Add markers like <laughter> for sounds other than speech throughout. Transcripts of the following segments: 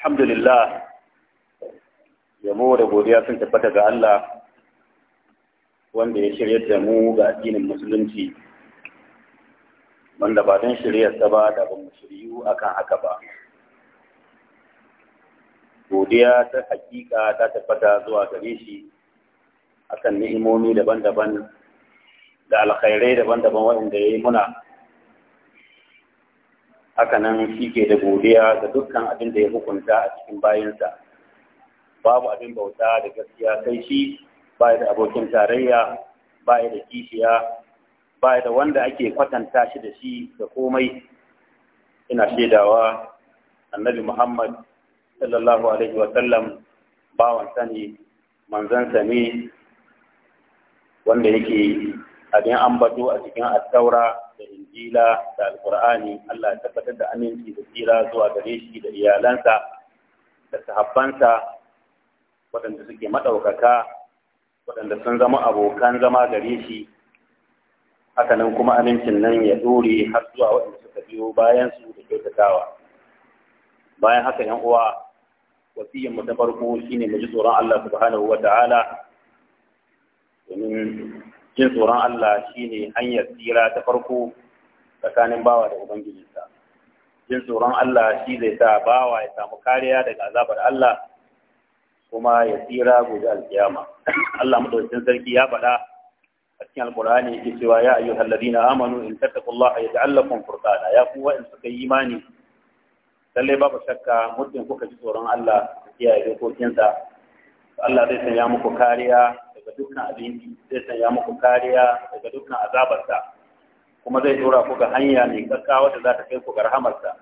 alhamdulillah yabo da godiya sun tabbata ga Allah wanda ya shirya da mu ga addinin musulunci wanda ba don shiryarsa ba da ba mu shiryu akan haka ba godiya ta hakika ta tabbata zuwa gare shi akan ni'imomi daban-daban da alkhairai daban-daban waɗanda ya yi muna hakanan shi ke da godiya ga dukkan abin da ya hukunta a cikin bayansa babu abin bauta da gaskiya kai shi ba da abokin tarayya ba da kishiya ba da wanda ake kwatanta shi da shi da komai ina shaidawa annabi muhammad sallallahu alaihi wa sallam bawan sani manzon ne wanda yake abin ambato a cikin attaura da injila da alkur'ani Allah ya tabbatar da aminci da tsira zuwa gare shi da iyalansa da sahabbansa waɗanda suke maɗaukaka waɗanda sun zama abokan zama gare shi hakanan kuma amincin nan ya dore har zuwa waɗanda suka biyo bayan su da kyautatawa bayan haka yan uwa wasiyyar mu ta farko shine mu ji tsoron Allah subhanahu wa ta'ala domin jin tsoron Allah shine hanyar tsira ta farko tsakanin bawa da ubangijinsa jin tsoron Allah shi zai sa bawa ya samu kariya daga azabar Allah kuma ya tsira gobe alkiyama Allah madaukakin sarki ya faɗa a cikin alkur'ani yake cewa ya ayyuhal ladina amanu in tattaqullaha yaj'al lakum furqana ya ku in suka yi imani lalle babu shakka muddin kuka ji tsoron Allah ku kiyaye dokokinsa Allah zai sanya muku kariya daga dukkan abinci zai sanya muku kariya daga dukkan azabarsa kuma zai tura ku ga hanya mai kakkawa da za ta kai ku ga rahamarsa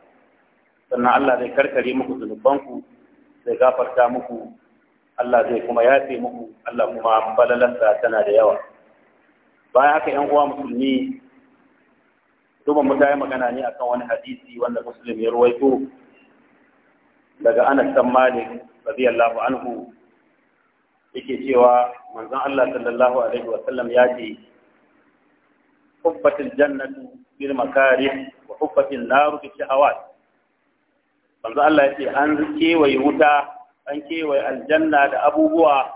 sannan Allah zai karkare muku zunubanku zai gafarta muku Allah zai kuma yafe muku Allah kuma falalarsa tana da yawa bayan haka yan uwa musulmi duba mu yi magana ne akan wani hadisi wanda musulmi ya ruwaito daga Anas bin Malik radiyallahu anhu yake cewa manzon Allah sallallahu alaihi wasallam ya ce hubbatul jannatu bil makarih wa hubbatil nar bi shahawat manzon Allah ya ce an kewaye wuta an kewaye aljanna da abubuwa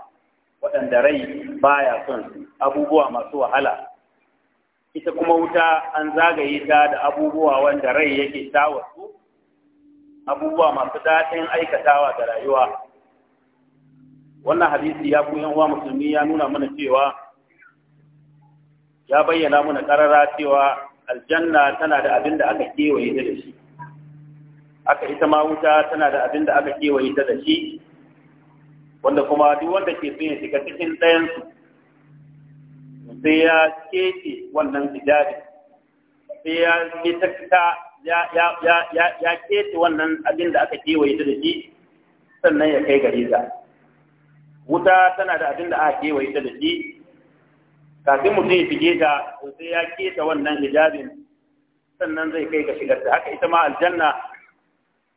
waɗanda rai baya son abubuwa masu wahala ita kuma wuta an zagaye ta da abubuwa wanda rai yake tawa su abubuwa masu daɗin aikatawa da rayuwa wannan hadisi ya ku yan uwa musulmi ya nuna mana cewa ya bayyana mana karara cewa aljanna tana da abin da aka kewaye ta da shi aka ita ma wuta tana da abin da aka kewaye ta da shi wanda kuma duk wanda ke son ya shiga cikin su sai ya kece wannan sijadin sai ya ta ya kece wannan abin da aka kewaye ta da shi sannan ya kai gare ta wuta tana da abin da aka kewaye ta da shi kafin mutum ya fige ta sai ya keta wannan hijabin sannan zai kai ga shigarta haka ita ma aljanna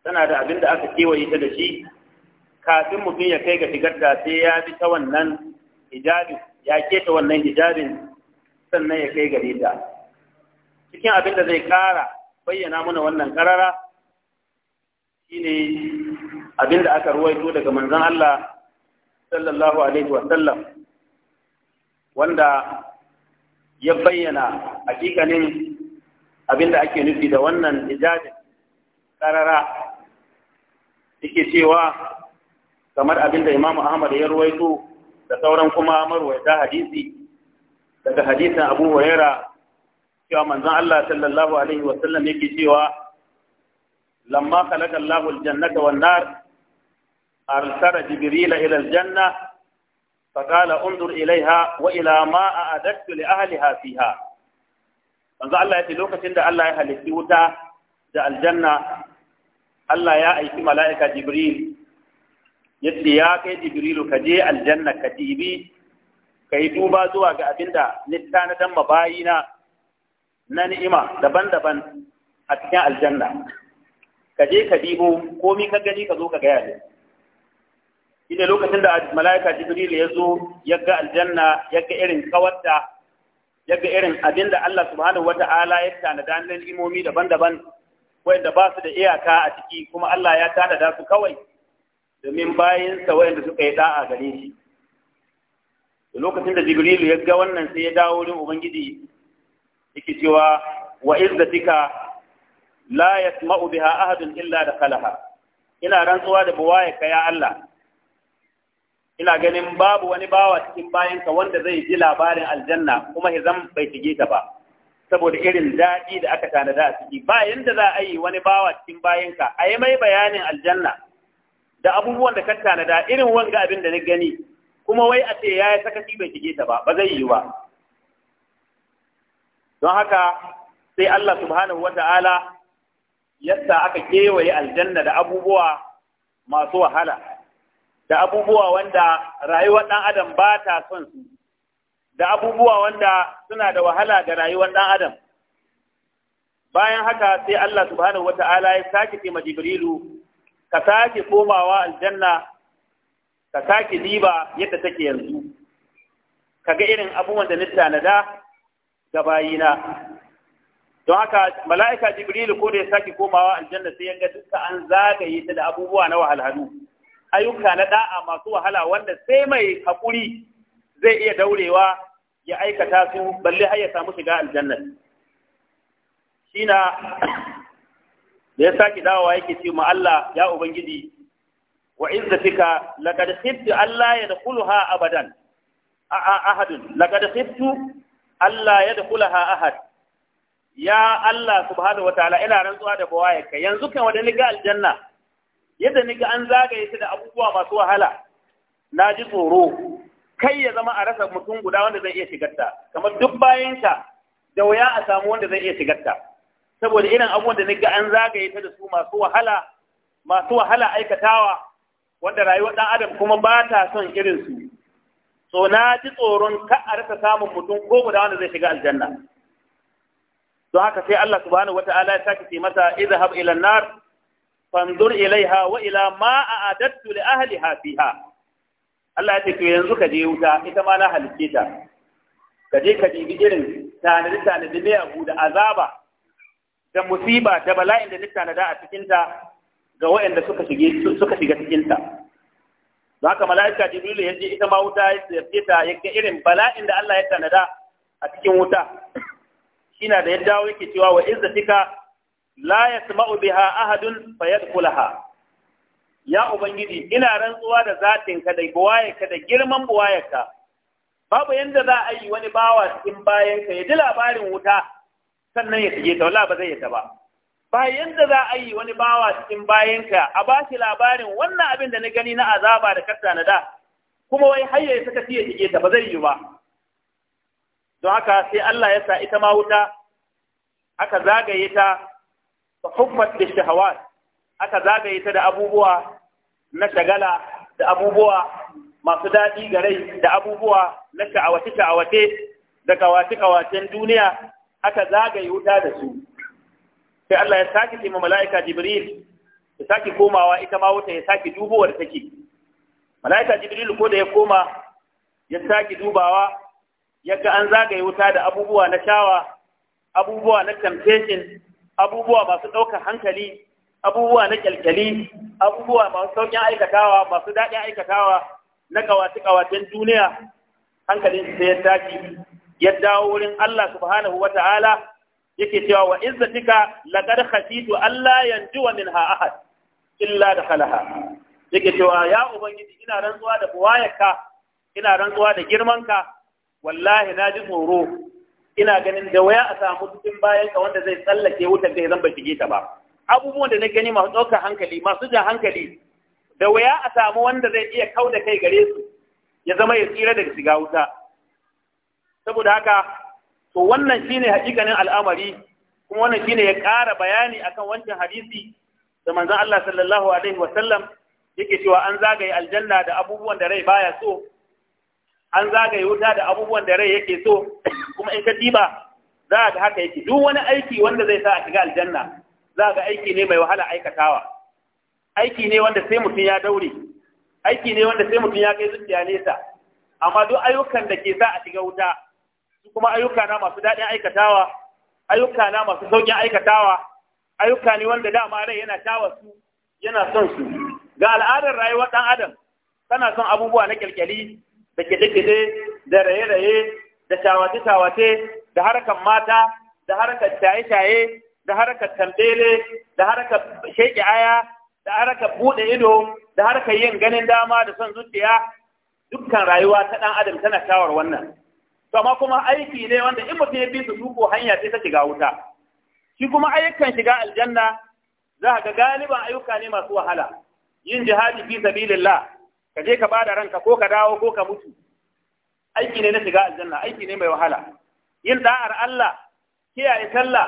tana da abin da aka kewaye ta da shi kafin mutum ya kai ga shigarta sai ya bi ta wannan hijabin ya keta wannan hijabin sannan ya kai gare ta cikin abin da zai kara bayyana mana wannan karara shine abin da aka ruwaito daga manzon Allah sallallahu alaihi wa sallam wanda ya bayyana hakikanin abinda ake nufi da wannan ijazin karara yake cewa kamar abinda Imam Ahmad ya ruwaito da sauran kuma marwaita hadisi daga hadisin Abu Huraira cewa manzon Allah sallallahu alaihi wa sallam yake cewa lamma khalaqa Allahu al-jannata wan-nar أرسل جبريل إلى الجنة فقال انظر إليها وإلى ما أعددت لأهلها فيها manzo Allah ya ce lokacin da Allah ya halitti wuta da aljanna Allah ya aiki mala'ika Jibril ya ya kai Jibrilu ka je aljanna ka dibi ka yi duba zuwa ga abinda nitta na dan mabayina na ni'ima daban-daban a cikin aljanna ka je ka dibo komi ka gani ka zo ka gaya ne shine lokacin da malaika jibril ya zo ya ga aljanna ya ga irin kawarta ya ga irin abin da Allah subhanahu wata'ala ya da na imomi daban-daban wanda ba su da iyaka a ciki kuma Allah ya tanada su kawai domin bayinsa wanda suka yi da'a gare shi lokacin da jibril ya ga wannan sai ya dawo wurin ubangiji yake cewa wa izzatika la yasma'u biha ahadun illa dakalaha ina rantsuwa da buwaye ka ya Allah ina ganin babu wani bawa cikin bayanka wanda zai ji labarin aljanna kuma hizam bai shige ta ba saboda irin daɗi da aka tanada a ciki ba yanda za a yi wani bawa cikin bayanka a yi mai bayanin aljanna da abubuwan da ka tanada irin wanga abin da na gani kuma wai a ce ya yi sakaci bai shige ta ba ba zai yi ba don haka sai Allah subhanahu wa ta'ala yadda aka kewaye aljanna da abubuwa masu wahala da abubuwa wanda rayuwar ɗan adam ba ta son su da abubuwa wanda suna da wahala ga rayuwar ɗan adam bayan haka sai Allah subhanahu wata'ala ya sake ce ma Jibrilu ka sake komawa aljanna ka sake diba yadda take yanzu kaga irin abubuwan da na tanada ga bayina don haka mala'ika Jibrilu ko da ya sake komawa aljanna sai ya ga duka an zagaye ta da abubuwa na wahalhalu ayyuka na da'a masu wahala wanda sai mai haƙuri zai iya daurewa ya aikata su balle har ya samu shiga aljanna na da ya saki dawowa yake ce ma Allah ya ubangiji wa izzatika laqad khiftu alla yadkhuluha abadan a ahadun laqad khiftu alla yadkhulaha ahad ya Allah subhanahu wataala ina rantsuwa da bawayenka yanzu kan wadani ga aljanna yadda ga an zagaye shi da abubuwa masu wahala na ji tsoro kai ya zama a rasa mutum guda wanda zai iya shigarta kamar duk bayanta da wuya a samu wanda zai iya shigarta saboda irin abubuwan da ga an zagaye ta da su masu wahala masu wahala aikatawa wanda rayuwar dan adam kuma ba ta son irin su so na ji tsoron ka a rasa samun mutum ko guda wanda zai shiga aljanna don haka sai Allah subhanahu wata'ala ya sake ce mata izhab ila nar fanzur ilaiha wa ila ma a'adattu li ahliha hafiha. Allah ya ce to yanzu ka je wuta ita ma na halice ta ka je ka dibi irin tanadi tanadi mai abu da azaba da musiba da bala'in da nada a cikin ta ga waɗanda suka shige suka shiga cikin ta haka mala'ika jibril ya je ita ma wuta ya ce ta yake irin bala'in da Allah ya tanada a cikin wuta shina da ya dawo yake cewa wa izzatika la yasma'u biha ahadun Kulaha. ya ubangiji ina rantsuwa da zatin ka da buwayarka da girman buwayarka babu yadda za a yi wani bawa cikin bayan ka ya ji labarin wuta sannan ya shige ta wala ba zai yata ba ba yadda za a yi wani bawa cikin bayan ka a ba shi labarin wannan abin da na gani na azaba da kasta na da kuma wai har ya saka ya shige ta ba zai yi ba don haka sai Allah ya sa ita ma wuta aka zagaye ta Hukumar da shahawat aka zagaye ta da abubuwa na shagala da abubuwa masu daɗi ga rai da abubuwa na sha'awace-sha'awace da kawace-kawacen duniya aka zagaye wuta da su sai Allah ya sake ce mala'ika Jibril ya sake komawa ita ma wuta ya sake dubowar take mala'ika Jibril ko da ya koma ya sake dubawa ya ga an zagaye wuta da abubuwa na shawa abubuwa na temptation abubuwa masu ɗaukar hankali abubuwa na kyalkyali abubuwa masu sauƙin aikatawa masu daɗin aikatawa na kawace-kawacen duniya hankalin sai ya tashi ya dawo wurin Allah subhanahu wa ta'ala yake cewa wa izzatika laqad khashitu Allah yanjuwa minha ahad illa dakhalaha yake cewa ya ubangiji ina rantsuwa da buwayarka ina rantsuwa da girmanka wallahi na ji tsoro ina ganin da waya a samu cikin bayan ka wanda zai tsallake wutar da zan ba shige ta ba abubuwan da na gani masu ɗaukar hankali masu jan hankali da waya a samu wanda zai iya kau da kai gare su ya zama ya tsira daga shiga wuta saboda haka to wannan shine hakikanin al'amari kuma wannan shine ya ƙara bayani akan wancan hadisi da manzon Allah sallallahu alaihi wa yake cewa an zagaye aljanna da abubuwan da rai baya so an zagaye wuta da abubuwan da rai yake so kuma in ka diba za ga haka yake duk wani aiki wanda zai sa a shiga aljanna za ga aiki ne mai wahala aikatawa aiki ne wanda sai mutum ya daure aiki ne wanda sai mutum ya kai zuciya nesa amma duk ayyukan da ke sa a shiga wuta su kuma ayyuka na masu daɗin aikatawa ayyuka na masu sauƙin aikatawa ayyuka ne wanda dama rai yana tawa su yana son su ga al'adar rayuwar ɗan adam tana son abubuwa na kyalkyali da kide-kide da raye-raye da tawace-tawace da harkar mata da harkar shaye-shaye da harkar tambele da harkar sheƙi aya da harkar buɗe ido da harkar yin ganin dama da son zuciya dukkan rayuwa ta ɗan adam tana shawar wannan to amma kuma aiki ne wanda in mutum ya bi su duko hanya sai ta shiga wuta shi kuma ayyukan shiga aljanna za a ga galiban ayyuka ne masu wahala yin jihadi fi sabilillah ka je ka bada ranka ko ka dawo ko ka mutu aiki ne na shiga aljanna aiki ne mai wahala yin da'ar Allah kiyaye sallah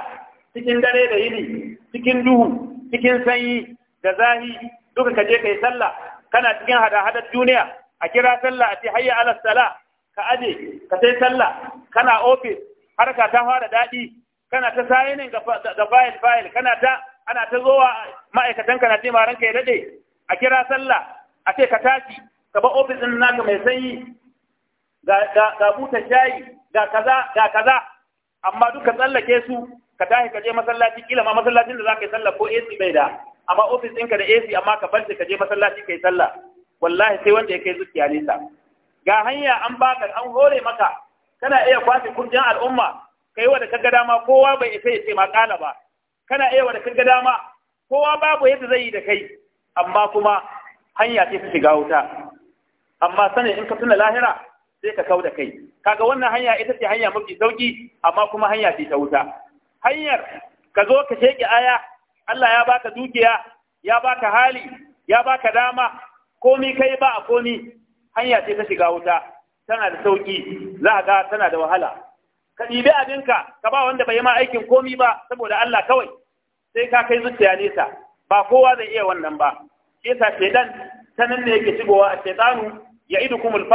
cikin dare da yini cikin duhu cikin sanyi da zahi duka ka je ka yi sallah kana cikin hada-hadar duniya a kira sallah a ce hayya ala sala ka aje ka sai sallah kana ofis harka ta fara daɗi kana ta sayinin ga fayil fayil kana ta ana ta zowa ma'aikatanka na ce ranka ya daɗe a kira sallah a ce ka tashi ka ba ofis ɗin naka mai sanyi ga butan shayi ga kaza ga kaza amma duka tsallake su ka tashi ka je masallaci kila ma masallacin da za ka yi sallah ko AC bai da amma ofis ɗinka da AC amma ka bar ka je masallaci ka yi sallah wallahi sai wanda ya kai zuciya nisa ga hanya an baka an hore maka kana iya kwace kurjin al'umma kai wanda kaga dama kowa bai isa ya ce ma ba kana iya wanda kaga dama kowa babu yadda zai yi da kai amma kuma hanya ce ta shiga wuta amma sanin in ka tuna lahira sai ka kau da kai kaga wannan hanya ita ce hanya mafi sauki amma kuma hanya ce ta wuta hanyar ka zo ka sheki aya Allah ya baka dukiya ya baka hali ya baka dama komi kai ba a komi hanya ce ta shiga wuta tana da sauki za ga tana da wahala ka ɗibi abinka ka ba wanda bai ma aikin komi ba saboda Allah kawai sai ka kai zuciya nesa ba kowa zai iya wannan ba shi yasa shaidan ta ne yake shigowa a shaidanu ya idu kumul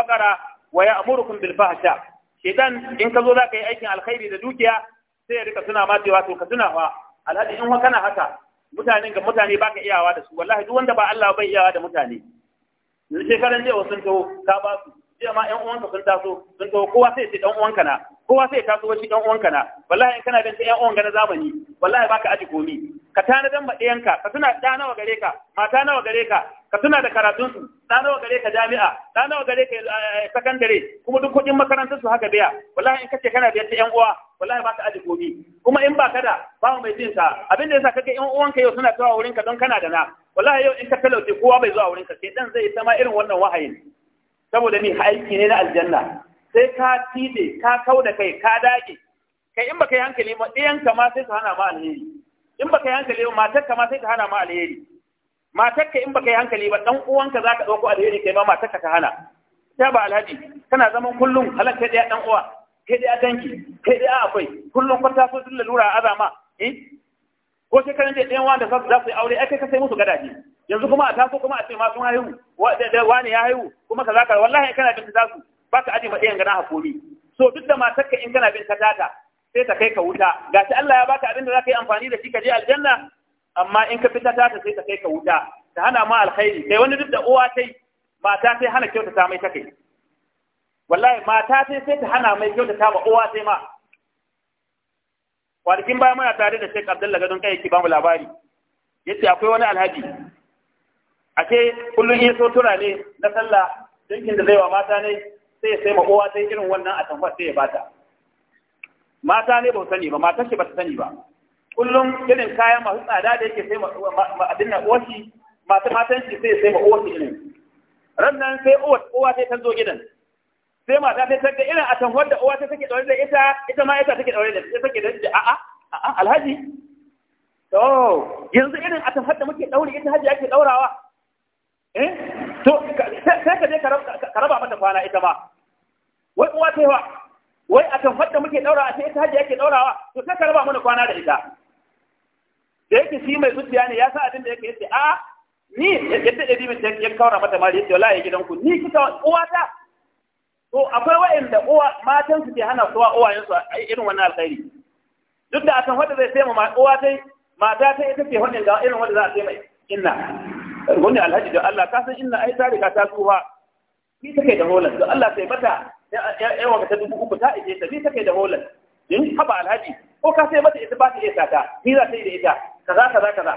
wa ya amurukum bil fahsha shaidan in ka zo za ka yi aikin alkhairi da dukiya sai ya rika suna ma cewa to ka tuna fa alhaji in kana haka mutanen ga mutane baka iyawa da su wallahi duk wanda ba Allah bai iyawa da mutane yanzu shekaran jiya wasu taho ka ba su cewa ƴan uwanka sun taso sun taho kowa sai ce ɗan uwanka na kowa sai taso shi ɗan uwanka na wallahi in kana bin ta ƴan uwanka na zamani wallahi baka aji komi ka tanadan ma ɗayanka ka tuna ɗa nawa gare ka mata nawa gare ka ka tuna da karatun su ɗa nawa gare ka jami'a ɗa nawa gare ka eh, sakandare kuma duk kuɗin makarantar su haka biya wallahi in kace kana biyar ta ƴan uwa wallahi baka aji komi kuma in ba kada da mu mai jin sa abin da yasa kake ƴan uwanka yau suna tawa wurinka don kana da na wallahi yau in ka talauce kowa bai zuwa wurinka sai dan zai ta ma irin wannan wahayin saboda ni aiki ne na aljanna sai ka tide ka kau da kai ka dage kai in baka yi hankali ma ɗayan ka ma sai ka hana ma alheri in baka yi hankali ma matar ka ma sai ta hana ma alheri matar ka in baka yi hankali ba dan uwanka za ka ɗauko alheri kai ma matar ka ta hana ta ba alhaji kana zaman kullum halar kai ɗaya dan uwa kai ɗaya danki kai ɗaya akwai kullum kun so lura a azama eh ko shekaran da ɗayan wanda za su yi aure ai kai ka sai musu gadaje yanzu kuma a taso kuma a ce ma sun haihu wani ya haihu kuma ka zaka wallahi kana bin ta su ba ka ajiye ɗayan gana hakuri so duk da matar ka in kana bin ta tata sai ta kai ka wuta gashi Allah ya baka abin da zaka yi amfani da shi ka je aljanna amma in ka fita tata sai ta kai ka wuta ta hana ma alkhairi kai wani duk da uwa kai mata sai hana kyautata mai ta kai wallahi mata sai sai ta hana mai kyautata ma uwa sai ma kwanakin baya muna tare da Sheikh Abdullahi Gadon kai yake ba mu labari yace akwai wani alhaji Ake kullum yin so ne na sallah dinkin da zai wa mata ne sai ya sai kowa sai irin wannan a tambar sai ya bata mata ne ba sani ba matar shi ba su sani ba kullum irin kayan masu tsada da yake sai abin na uwashi masu matan shi sai ya sai uwashi irin rannan sai uwa sai ta zo gidan sai mata sai ta irin a tambar da uwa sai take daure da ita ita ma ita take daure da ita take da ita a'a a'a alhaji to yanzu irin a tamfar da muke ɗaure ita haji ake ɗaurawa. eh to sai ka je ka raba mata kwana ita ma wai uwa ta wa? wai a kan fadda muke daura a sai ita hajji yake daurawa to sai ka raba mana kwana da ita da yake shi mai zuciya ne ya sa abin da yake yace a ni yadda da dimin ya kaura mata mari yace wallahi gidan ku ni kika uwa ta to akwai wa'anda uwa matan su ke hana suwa uwayen su irin wannan alkhairi duk da a san wanda zai sai ma uwa tai mata ta ita ce wannan ga irin wanda za a sai mai inna wani alhaji da Allah ta san inna ai ta riga ta tsuha ni take da holan da Allah sai mata ya waka ta dubu uku ta ije ta ni take da holan in haba alhaji ko ka sai mata ita ba ta iya sata ni za ta yi da ita kaza kaza kaza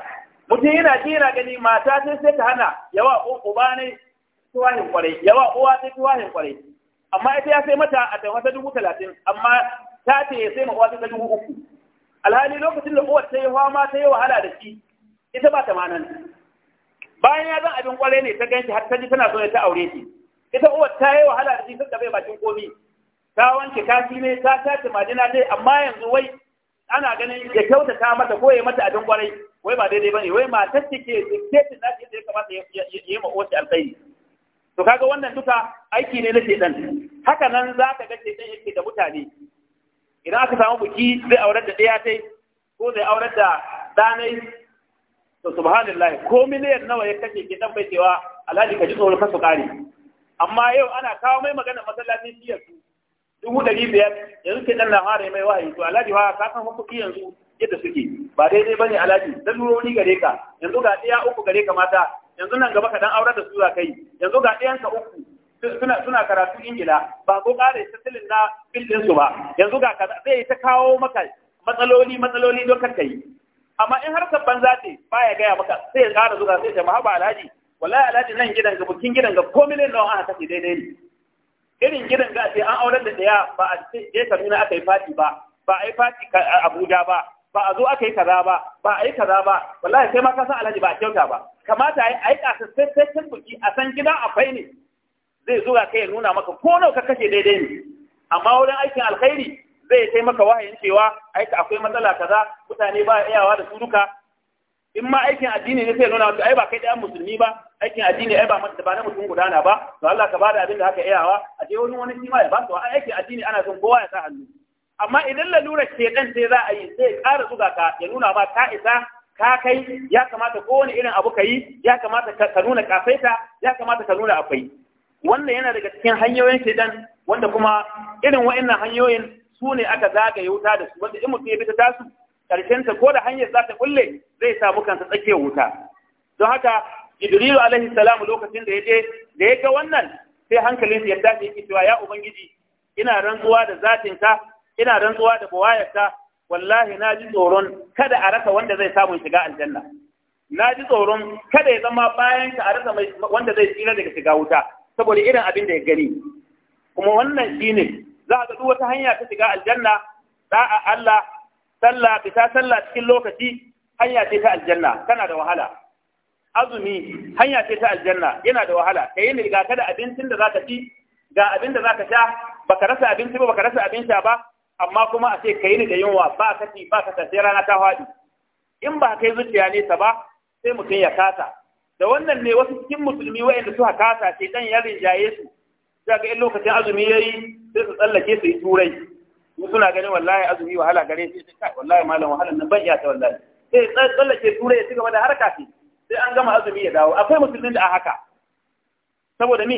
mutum yana ji yana gani mata sai sai ta hana yawa uba ne tuwahin kwarai yawa uwa sai tuwahin kwarai amma ita ya sai mata a taimaka dubu talatin amma ta ce ya sai ma uwa ta dubu uku alhali lokacin da uwar ta yi fama ta yi wahala da shi ita ba ta tamanin bayan ya zan abin kwarai ne ta ganshi har ta ji tana so ta aure shi ita uwar ta yi wahala da shi sun bai bakin komi ta wanke kashi ne ta tace majina dai amma yanzu wai ana ganin ya kyautata mata ko ya mata abin kwarai wai ba daidai bane wai matar ce ke dictating na da ya kamata ya yi ma uwar alkhairi to kaga wannan duka aiki ne na shedan haka nan za ka ga shedan yake da mutane idan aka samu buki zai aurar da ɗaya tai ko zai aurar da ɗanai to subhanallah ko miliyan nawa ya kace ki dan bai cewa alhaji ka ji tsoron kasu kare amma yau ana kawo mai magana masallacin shi yanzu dubu ɗari biyar yanzu ke dan lahara mai wahayi to alhaji wa ka san hukuki yanzu yadda suke ba daidai bane alhaji lalurori gare ka yanzu ga ɗaya uku gare ka mata yanzu nan gaba ka dan aurar da su za kai yanzu ga ɗayan ka uku suna suna karatu ingila ba ko kare tattalin na bildin su ba yanzu ga zai ta kawo maka matsaloli matsaloli don kai amma in har harkar banza ce baya gaya maka sai ya kara zuwa sai ya haba alhaji wallahi alhaji nan gidan ga bukin gidan ga ko miliyan nawa aka kashe daidai ne irin gidan ga sai an aurar da daya ba a je Kaduna aka yi fati ba ba a yi fati Abuja ba ba a zo aka yi kaza ba ba a yi kaza ba wallahi sai ma ka san alhaji ba a kyauta ba kamata a yi kasassaitaccen buki a san gida akwai ne zai zo kai ya nuna maka ko nawa ka kashe daidai ne amma wurin aikin alkhairi zai sai maka wahayin cewa aika akwai matsala kaza mutane ba iyawa da su duka in ma aikin addini ne sai nuna ai ba kai da musulmi ba aikin addini ai ba ba na mutum gudana ba to Allah ka bada abin da haka iyawa a je wani wani ma ya ba to aikin addini ana son kowa ya sa hannu amma idan lalura ke dan sai za a yi sai ƙara zuga ka ya nuna ma ka isa ka kai ya kamata kowane irin abu ka yi ya kamata ka nuna kafaita ya kamata ka nuna akwai wannan yana daga cikin hanyoyin shedan wanda kuma irin wa'annan hanyoyin su ne aka zagaye wuta da su wanda in mutum ya bi ta tasu karshen ta ko da hanyar za ta kulle zai samu kansa tsakiyar wuta don haka Jibrilu alaihi salamu lokacin da ya je da ya ga wannan sai hankalin ya tashi yake cewa ya ubangiji ina rantsuwa da zatinka ina rantsuwa da bawayarka wallahi na ji tsoron kada a rasa wanda zai samu shiga aljanna na ji tsoron kada ya zama bayan ka a rasa wanda zai tsira daga shiga wuta saboda irin abin da ya gani kuma wannan shine za a ga duk wata hanya ta shiga aljanna a Allah sallah fita sallah cikin lokaci hanya ce ta aljanna tana da wahala azumi hanya ce ta aljanna yana da wahala ka yi riga kada abincin da zaka ci ga abin da zaka sha baka rasa abinci ba baka rasa abin ba amma kuma a ce ka yi da yunwa ba ka ci ba ka tafi rana ta hadi in ba kai zuciya ne ta ba sai mutum ya kasa da wannan ne wasu cikin musulmi waɗanda suka kasa ce dan ya rinjaye su sai in lokacin azumi yayi sai su tsallake su yi turai in suna ganin wallahi azumi wahala gare shi sai wallahi malam wahalan nan ban iya ta wallahi sai tsallake turai ya ci gaba da harka shi. sai an gama azumi ya dawo akwai musulmin da a haka saboda ni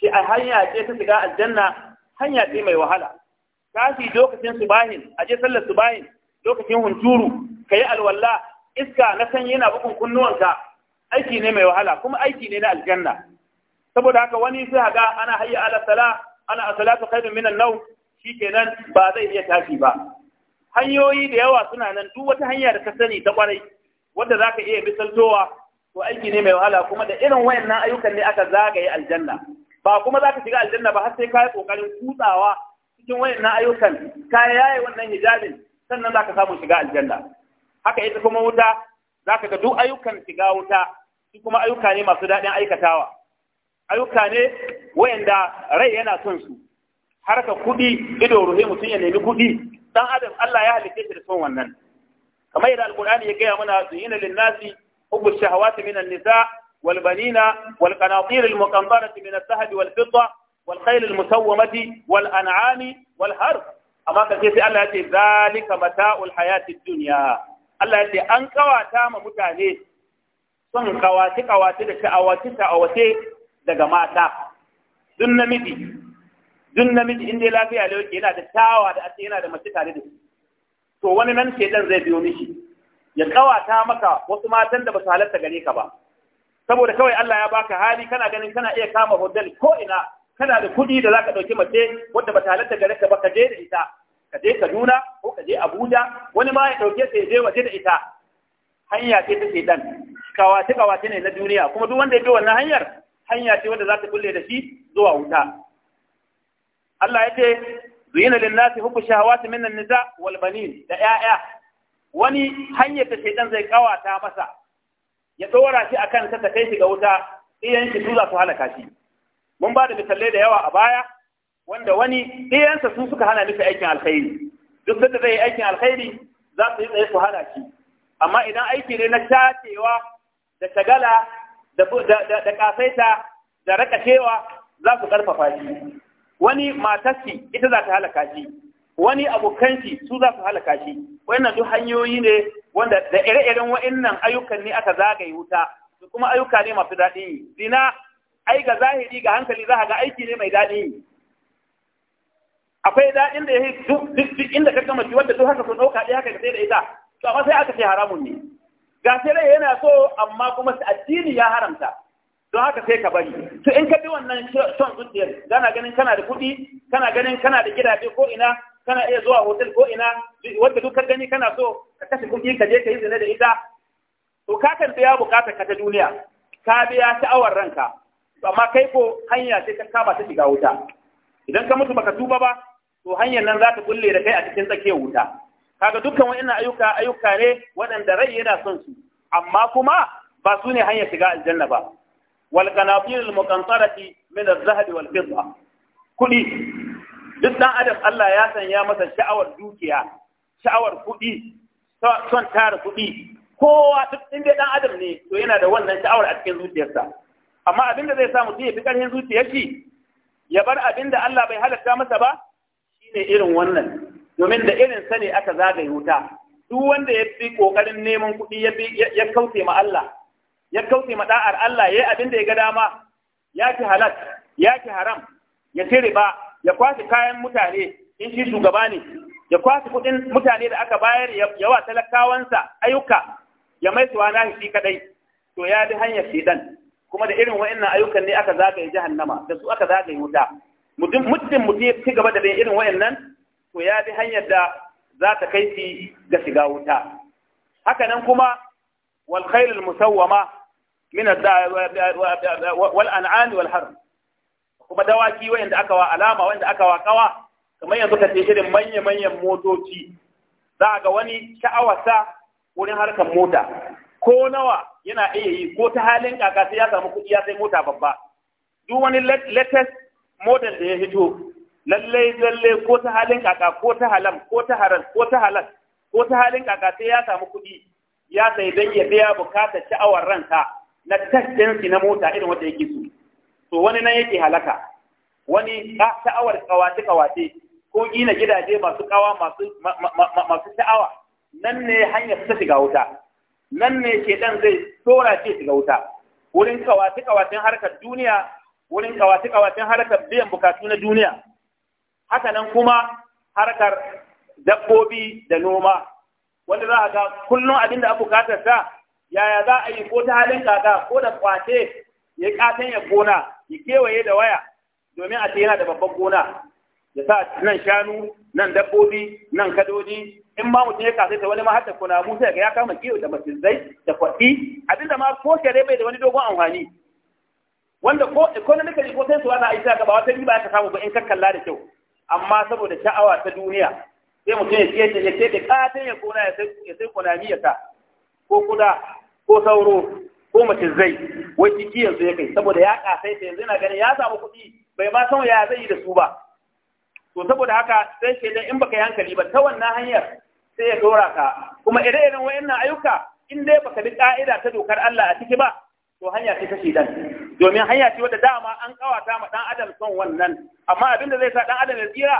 shi a hanya ce ta shiga aljanna hanya ce mai wahala tashi lokacin subahin a je sallar subahin lokacin hunturu kayi alwala iska na sanyi yana bugun kunnuwanka aiki ne mai wahala kuma aiki ne na aljanna saboda haka wani sai haga ana hayya ala ana a asalatu khairun minan nau shi nan ba zai iya tashi ba hanyoyi da yawa suna nan duk wata hanya da ka sani ta kwarai wanda ka iya misaltowa to aiki ne mai wahala kuma da irin wayannan ayyukan ne aka zagaye aljanna ba kuma za ka shiga aljanna ba har sai ka yi kokarin kutsawa cikin wayannan ayyukan ka yaye wannan hijabin sannan za zaka samu shiga aljanna haka ita kuma wuta zaka ga duk ayyukan shiga wuta su kuma ayyuka ne masu daɗin aikatawa ayyuka ne wayanda rai yana son su harka kuɗi ido ruhe mutum ya nemi kuɗi dan adam Allah ya halitta shi da son wannan kamar yadda alqur'ani ya gaya mana zuyina lin-nasi hubbu shahawati minan nisa wal banina wal qanatir al muqantarati min as-sahab wal fidda wal khayl al musawwamati wal an'ami wal harb amma kace sai Allah ya ce zalika mata'ul hayatid dunya Allah ya ce an kawata ma mutane son kawati kawati da sha'awati sha'awati daga mata dun namiji dun namiji inda ya lafiya da yake yana da tawa da ake yana da mace tare da shi to wani nan shedan zai biyo mishi ya kawata maka wasu matan da ba su halatta gare ka ba saboda kawai Allah ya baka hali kana ganin kana iya kama hotel ko ina kana da kuɗi da zaka ɗauki mace wadda ba ta halatta gare ka ba ka je da ita ka je Kaduna ko ka je Abuja wani ma ya ɗauke ka je waje da ita hanya ce ta shedan kawace kawace ne na duniya kuma duk wanda ya bi wannan hanyar hanya ce wanda za ta kulle da shi zuwa wuta Allah ya ce zuyina linnasi hubbu shahawati minan nisa wal banin da 'ya'ya. wani hanyar da shaytan zai kawata masa ya dora shi akan ta ta kai shi ga wuta iyan shi su za su halaka shi mun ba da misalai da yawa a baya wanda wani iyansa su suka hana nufi aikin alkhairi duk da zai yi aikin alkhairi za su yi tsaye su hana shi amma idan aiki ne na cacewa da tagala da kasaita da raka cewa za su karfafa shi wani matarsi ita za ta halaka shi wani abokanci su za su halaka shi wannan duk hanyoyi ne wanda da ire-iren wa'annan ayyukan ne aka zagaye wuta su kuma ayyuka ne masu daɗi Ina zina ai ga zahiri ga hankali za ga aiki ne mai daɗi akwai daɗin da ya yi duk inda ka gama wanda duk haka su ɗauka ɗaya haka ka sai da ita to amma sai aka ce haramun ne ga rai yana so amma kuma addini ya haramta don haka sai ka bari to in ka bi wannan son zuciyar kana ganin kana da kuɗi kana ganin kana da gidaje ko ina kana iya zuwa hotel ko ina wanda duk ka gani kana so ka kashe kuɗi ka je ka yi zina da ita to ka kan biya bukatar ka ta duniya ka biya sha'awar ranka amma kai ko hanya sai ka kama ta shiga wuta idan ka mutu baka tuba ba to hanyar nan za ta kulle da kai a cikin tsakiyar wuta kaga dukkan wa'annan ayyuka ayyuka ne waɗanda rai yana son su amma kuma ba su ne hanyar shiga aljanna ba wal qanatir al muqantarati min al zahab wal fidda kudi duk dan adam Allah ya sanya masa sha'awar dukiya sha'awar kudi son tara kudi kowa duk inda dan adam ne to yana da wannan sha'awar a cikin zuciyarsa amma abinda zai sa mutum ya fi karhin zuciyar shi ya bar abinda Allah bai halatta masa ba shine irin wannan domin da irin sani aka zagaye wuta duk wanda ya fi kokarin neman kuɗi ya kauce ma Allah ya kauce ma da'ar Allah yayi abin da ya ga dama ya ci halal ya ci haram ya ci riba ya kwashi kayan mutane in shi shugaba ne ya kwashi kuɗin mutane da aka bayar wa talakawansa ayyuka ya mai suwa na shi kadai to ya bi hanyar shedan kuma da irin wa'annan ayyukan ne aka zagaye jahannama da su aka zagaye wuta mutum mutum mutum ya ci gaba da irin wa'annan to ya bi hanyar da za ta kai shi ga shiga wuta haka nan kuma wal khairul musawwama min wal an'ami wal har. kuma dawaki wayanda aka wa alama wayanda aka wa kawa kamar yanzu ka ce irin manya manyan motoci za ga wani sha'awarsa wurin harkar mota ko nawa yana iya yi ko ta halin kaka sai ya samu kuɗi ya sai mota babba duk wani latest model da ya hito Lallai, lallai, ko ta halin kaka ko ta halam ko ta haram ko ta halal ko ta halin kaka sai ya samu kuɗi ya sai dan ya biya bukatar sha'awar ranka na kashin shi na mota irin wanda yake so to wani nan yake halaka wani sha'awar kawace kawace ko gina gidaje masu kawa masu masu sha'awa nan ne hanyar ta shiga wuta nan ne ke dan zai tsora ce shiga wuta wurin kawace kawacen harkar duniya wurin kawace kawacen harkar biyan bukatu na duniya haka nan kuma harkar dabbobi da noma wanda za a ga kullum abin da bukatar sa yaya za a yi ko ta halin kaka ko da kwace ya katon ya gona ya kewaye da waya domin a ce yana da babban gona ya sa nan shanu nan dabbobi nan kadoji in ma mutum ya kasaita wani ma kuna musa ga ya kama kiwo da macizai da kwaɗi abinda ma ko shere bai da wani dogon amfani wanda ko economically ko sai su ana aisha gaba wata riba ta samu ba in ka kalla da kyau amma saboda sha'awa ta duniya sai mutum ya ce ya ce da katin ya kona ya sai kuna ya ta ko kuda ko sauro ko mace zai wai jiki yanzu ya kai saboda ya kasai ta yanzu yana ganin ya samu kuɗi bai ma san ya zai yi da su ba to saboda haka sai ce in baka yi hankali ba ta wannan hanyar sai ya dora ka kuma ire-iren wayannan ayyuka in dai baka bi ka'ida ta dokar Allah a ciki ba to hanya ce ta dan. domin hanya ce wadda dama an kawata ma dan adam son wannan amma abin da zai sa dan adam ya tsira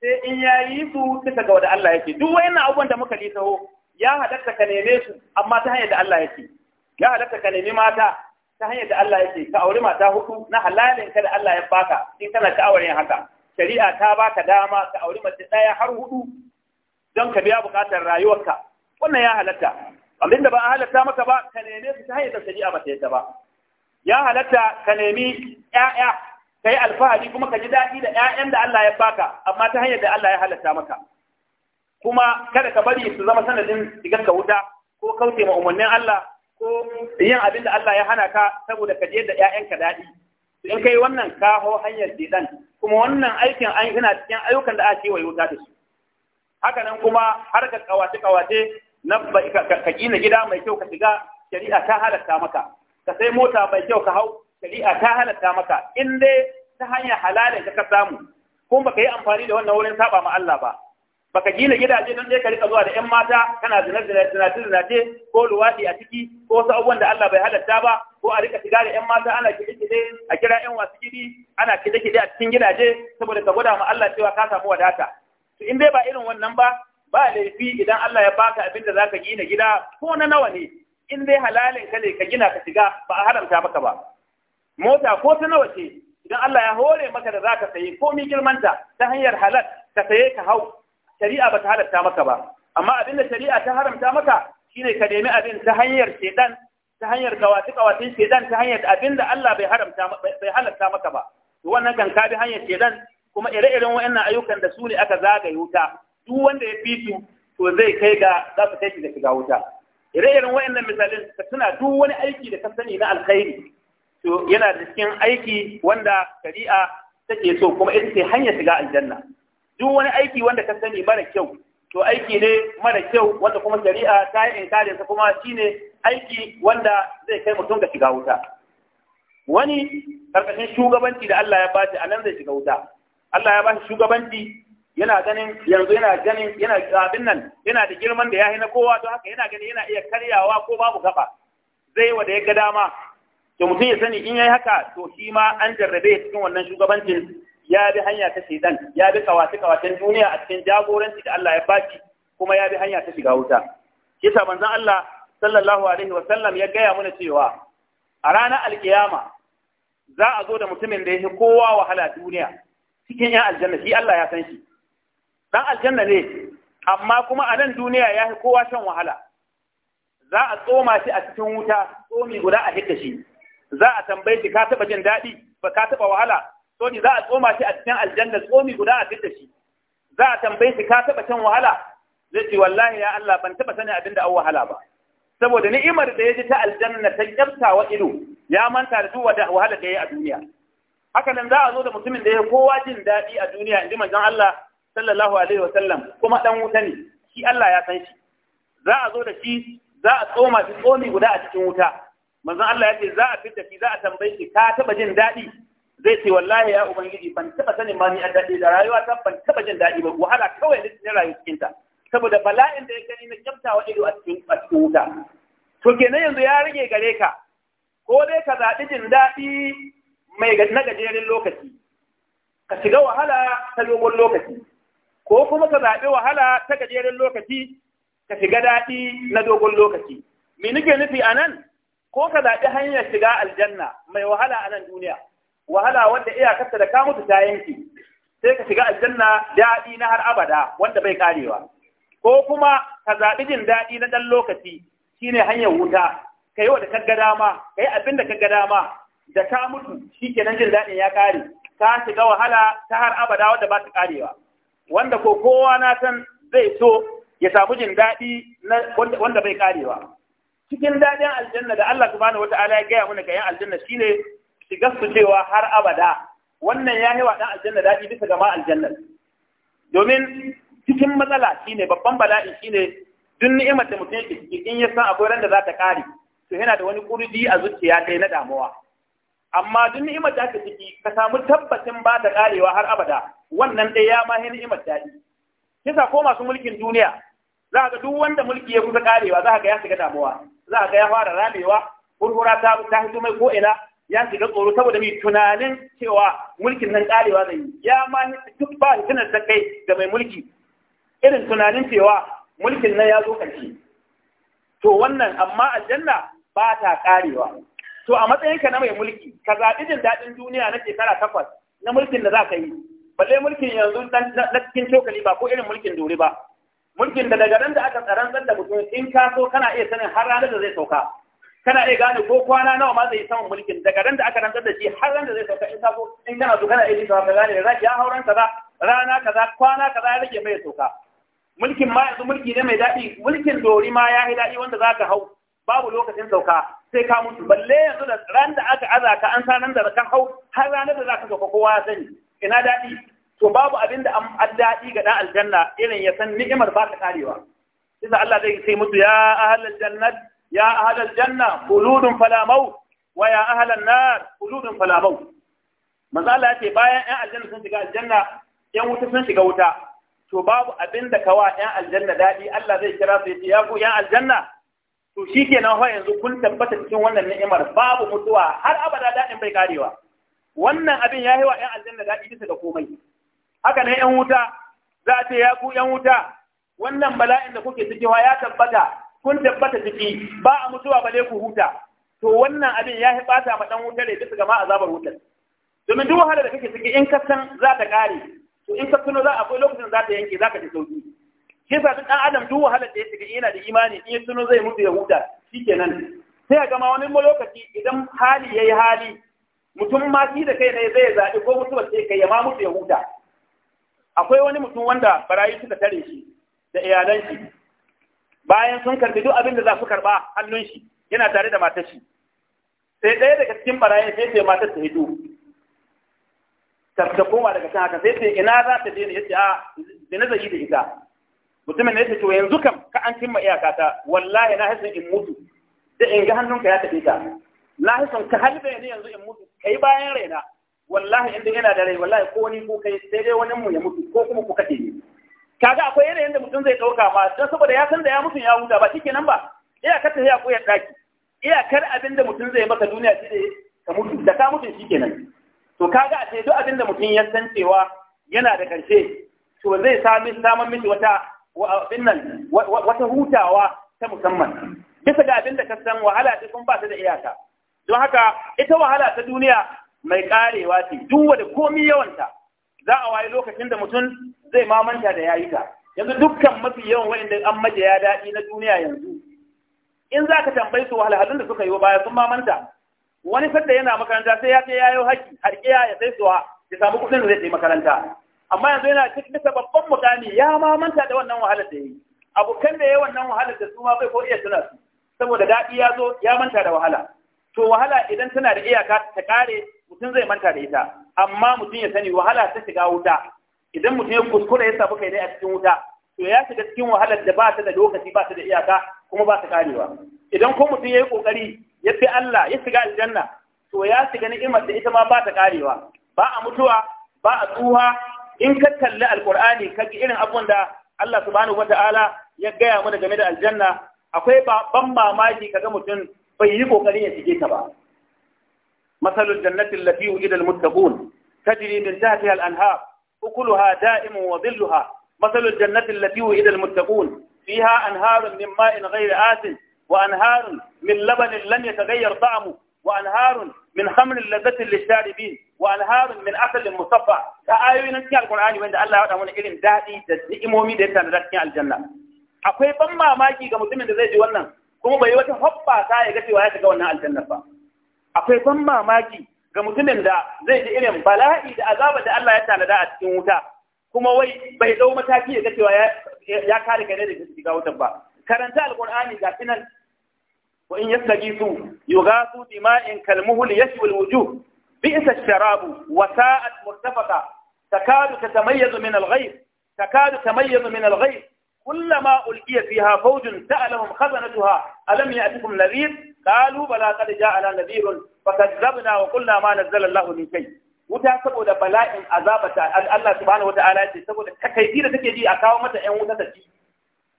sai in yi su bisa ga wanda Allah yake duk wayannan abubuwan da muka litaho ya halatta ka neme su amma ta hanyar da Allah yake ya halatta ka nemi mata ta hanyar da Allah yake ka auri mata hudu na halalin ka da Allah ya baka in kana ta aure haka shari'a ta baka dama ka auri mace daya har hudu don ka biya bukatar rayuwarka wannan ya halatta abinda ba a halatta maka ba ka neme su ta hanyar da shari'a ba ta yadda ba ya halatta ka nemi ƴaƴa yi alfahari kuma ka ji daɗi da 'ya'yan da Allah ya baka amma ta hanyar da Allah ya halatta maka kuma kada ka bari su zama sanadin shigar ka wuta ko kauce ma umarnin Allah ko yin abin da Allah ya hana ka saboda ka je da 'ya'yan ka daɗi in kai wannan ka hau hanyar shedan kuma wannan aikin an yana cikin ayyukan da ake wayo wuta da su haka nan kuma har ka kawace kawace na ka kina gida mai kyau ka shiga shari'a ta halatta maka ka sai mota mai kyau ka hau shari'a ta halatta maka in dai ta hanyar halalin ka ka samu kuma baka yi amfani da wannan wurin saba ma Allah ba baka gina gidaje don dai ka rika zuwa da ƴan mata kana zina zina zina ko luwadi a ciki ko wasu abubuwan da Allah bai halatta ba ko a rika shiga da ƴan mata ana kide kide a kira ƴan wasu gidi ana kide kide a cikin gidaje saboda ka gwada ma Allah cewa ka samu wadata to in dai ba irin wannan ba ba laifi idan Allah ya baka abin da zaka gina gida ko na nawa ne in dai halalin ka ne ka gina ka shiga ba a haramta maka ba mota ko ta nawa ce idan Allah ya hore maka da zaka saye mi girmanta ta hanyar halal ka saye ka hau shari'a ba ta haramta maka ba amma abin da shari'a ta haramta maka shine ka nemi abin ta hanyar shedan ta hanyar kawati kawatin shedan ta hanyar abin da Allah bai haramta bai halarta maka ba to wannan kan ka bi hanyar shedan kuma ire-iren waɗannan ayyukan da su ne aka zagaye wuta duk wanda ya fi to zai kai ga za su kai shi da shiga wuta ire-iren waɗannan misalin ka tuna duk wani aiki da ka sani na alkhairi to yana da cikin aiki wanda shari'a take so kuma ita ce hanyar shiga aljanna duk wani aiki wanda ka sani mara kyau to aiki ne mara kyau wanda kuma shari'a ta yi inkarin sa kuma shine aiki wanda zai kai mutum ga shiga wuta wani karkashin shugabanci da Allah ya ba a nan zai shiga wuta Allah ya bashi shugabanci yana ganin yanzu yana ganin yana abin nan yana da girman da yayi na kowa don haka yana gani yana iya karyawa ko babu gaba zai wa da ya ga dama to mutum ya sani in yayi haka to shi ma an jarrabe cikin wannan shugabancin ya bi hanya ta shedan ya bi kawace kawacen duniya a cikin jagoranci da Allah ya baki kuma ya bi hanya ta shiga wuta kisa manzon Allah sallallahu alaihi wa sallam ya gaya mana cewa a ranar alkiyama za a zo da mutumin da ya fi kowa wahala duniya cikin 'yan aljanna shi Allah ya san shi dan aljanna ne amma kuma a nan duniya ya fi kowa shan wahala za a tsoma shi a cikin wuta tsomi guda a hidda shi za a tambaye shi ka taba jin daɗi ba ka taba wahala ni za a tsoma shi a cikin aljanna tsomi guda a hidda shi za a tambaye shi ka taba shan wahala zai ce wallahi ya Allah ban taba sani abin da an wahala ba saboda ni'imar da ya ji ta aljanna ta yabtawa wa ido ya manta da duk wata wahala da ya yi a duniya haka nan za a zo da mutumin da ya kowa jin daɗi a duniya in ji manzon Allah sallallahu alaihi wa kuma dan wuta ne shi Allah ya san shi za a zo da shi za a tsoma shi tsomi guda a cikin wuta manzon Allah ya ce za a fita shi za a tambaye shi ka taba jin daɗi zai ce wallahi ya ubangiji ban taba sanin ma ni a daɗi da rayuwa ta ban taba jin daɗi ba wahala kawai ne na rayuwar cikin ta saboda bala'in da ya gani na kyamtawa ido a cikin a cikin wuta to kenan yanzu ya rage gare ka ko dai ka zaɓi jin daɗi mai na gajeren lokaci ka shiga wahala ta dogon lokaci ko kuma ka zaɓi wahala ta gajeren lokaci ka shiga daɗi na dogon lokaci me nake nufi a nan ko ka zaɓi hanyar shiga aljanna mai wahala a nan duniya wahala wanda iyakarta da ka mutu ta yanki sai ka shiga aljanna daɗi na har abada wanda bai karewa ko kuma ka zaɓi jin daɗi na ɗan lokaci shi ne hanyar wuta ka yi wa da ga dama ka yi abin da ga dama da ka mutu shi kenan jin daɗin ya kare ka shiga wahala ta har abada wanda ba ta karewa wanda ko kowa na san zai so ya samu jin daɗi wanda bai karewa cikin daɗin aljanna da Allah subhanahu wata'ala ya gaya mana ga yan aljanna shine shiga su cewa har abada wannan ya yi wa ɗan aljanna daɗi bisa ga ma aljanna domin cikin matsala shine babban bala'i shine duk ni'imar da mutum yake ciki in ya san akwai ran da za ta kare to yana da wani kurdi a zuciya kai na damuwa amma duk ni'imar da aka ciki ka samu tabbacin ba ta karewa har abada wannan ɗaya ya ma ni'imar daɗi kisa ko masu mulkin duniya za ga duk wanda mulki ya kusa karewa za ga ya shiga damuwa za ga ya fara ramewa hurhura ta ta hito mai ko ya shiga tsoro saboda mai tunanin cewa mulkin nan karewa zai yi ya ma duk ba tunan tunar kai ga mai mulki irin tunanin cewa mulkin nan ya zo ƙarshe to wannan amma aljanna ba ta karewa to a matsayinka na mai mulki ka zaɓi jin daɗin duniya na shekara takwas na mulkin da za ka yi balle mulkin yanzu na cikin cokali ba ko irin mulkin dore ba mulkin da daga nan da aka tsaran zan da mutum in ka so kana iya sanin har ranar da zai sauka kana iya gane ko kwana nawa ma zai saman mulkin daga nan da aka rantsar da shi har ranar da zai sauka in ka so in kana so kana iya jin sauka gane ya hauran kaza rana kaza kwana kaza ya rage mai sauka mulkin ma yanzu mulki ne mai daɗi mulkin dori ma ya yi daɗi wanda za ka hau babu lokacin sauka sai ka mutu balle yanzu da ran da aka aza ka an sanar da kan hau har ranar da za ka sauka kowa ya sani ina daɗi to babu abin da an daɗi ga ɗan aljanna irin ya san ni'imar ba ta karewa إذا الله ذي سيمت يا أهل الجنة يا أهل الجنة خلود فلا موت ويا أهل النار خلود فلا موت bayan قال aljanna sun shiga aljanna, سنشك wuta sun shiga wuta. to babu abin da kawa ‘yan aljanna daɗi Allah zai kira su yace ya ku ‘yan aljanna to shi kenan ho yanzu kun tabbata cikin wannan ni'imar babu mutuwa har abada daɗin bai karewa wannan abin ya yi wa 'yan aljanna daɗi bisa ga komai haka ne 'yan wuta za ta ya ku 'yan wuta wannan bala'in da kuke cikewa ya tabbata kun tabbata ciki ba a mutuwa bale ku huta to wannan abin ya yi ɓata ma ɗan wutar bisa ga ma azabar wutar domin duk wahalar da kake ciki in ka san za ta ƙare to in ka tuno za akwai lokacin za ta yanke za ka ji sauki shi yasa duk ɗan adam duk wahalar da ya shiga yana da imani in ya tuno zai mutu ya huta shikenan sai ga gama wani lokaci idan hali ya yi hali mutum ma shi da kai ne zai zaɓi ko mutuwar sai kai ya ma mutu ya huta akwai wani mutum wanda barayi suka tare shi da iyalan shi bayan sun karbi duk abin da za su karba hannun shi yana tare da matar shi sai ɗaya daga cikin barayin sai ce matar ta hito ta koma daga can haka sai ce ina za ta je ne yace a ah, zina zai da ita mutumin ne yace to yanzu kam ka an cimma iyaka ta wallahi na hasan in mutu da in ga hannunka ya tafi ta na hasan ka halbe ne yanzu in mutu kai bayan raina wallahi inda yana da rai wallahi ko ni ko kai sai dai wani mu ya mutu ko kuma ku kace ni kaga akwai yanayin da mutum zai dauka ma dan saboda ya san da ya mutu ya huta ba nan ba iyakar ta ya koya daki iyakar abin da mutum zai maka duniya shi ne ka mutu da ka mutu shikenan to kaga a sai duk abin da mutum ya san cewa yana da karshe to zai sami saman miki wata abin nan wata hutawa ta musamman bisa ga abin da ka san wahala ta kun ba ta da iyaka don haka ita wahala ta duniya mai karewa ce duk wanda komi yawanta za a wayi lokacin da mutum zai mamanta da yayi ta yanzu dukkan mafi yawan wanda an maje ya daɗi na duniya yanzu in za ka tambayi su halin da suka yi wa baya sun mamanta wani sadda yana makaranta sai ya ce ya yi haƙi harƙiya ya sai suwa ya samu kuɗin da zai yi makaranta amma yanzu yana cikin bisa babban mutane ya mamanta da wannan wahalar da ya yi abokan da ya yi wannan wahalar da su ma bai ko iya tuna su saboda daɗi ya zo ya manta da wahala to wahala idan tana da iyaka ta kare mutum zai manta da ita amma mutum ya sani wahala ta shiga wuta idan mutum ya kuskura ya samu kai a cikin wuta to ya shiga cikin wahalar da ba ta da lokaci ba ta da iyaka kuma ba ta karewa idan ko mutum ya yi kokari ya fi Allah ya shiga aljanna to ya shiga ni'imar da ita ma ba ta karewa ba a mutuwa ba a tsuha in ka kalli alqur'ani ka ga irin abubuwan da Allah subhanahu wata'ala ya gaya mana game da aljanna akwai ban mamaki kaga mutum bai yi kokarin ya shige ka ba masalul jannati allati ujida al muttaqun tajri min tahtiha al anhar ukulha da'im wa dhilluha masalul jannati allati ujida al muttaqun fiha anharun min ma'in ghayri asin wa anharun min labanin lam yataghayyar ta'amu wa anharun min hamrin ladatin lishtaribin wa anharun min asalin musaffa ta ayoyi na cikin alqur'ani wanda Allah ya wada mana irin daɗi da ni'imomi da yake tana cikin aljanna akwai ban mamaki ga mutumin da zai ji wannan kuma bai wata hoppa ta ya ga cewa ya shiga wannan aljannar ba akwai ban mamaki ga mutumin da zai ji irin bala'i da azaba da Allah ya tanada a cikin wuta kuma wai bai dau mataki ya ga ya kare kai daga shiga wutar ba karanta alqur'ani ga kinan wa in yastajisu yughasu dima'in kalmuhul yashwi alwujuh bi'sa sharabu wa sa'at murtafaqa takadu tatamayyazu min al takadu tamayyazu min al كلما ألقي فيها فوج سألهم خزنتها ألم يأتكم نذير قالوا بلى قد جاءنا نذير فكذبنا وقلنا ما نزل الله من شيء wuta saboda bala'in azabata Allah subhanahu wa ta'ala ce saboda takaici da take ji a kawo mata ƴan wuta ta ci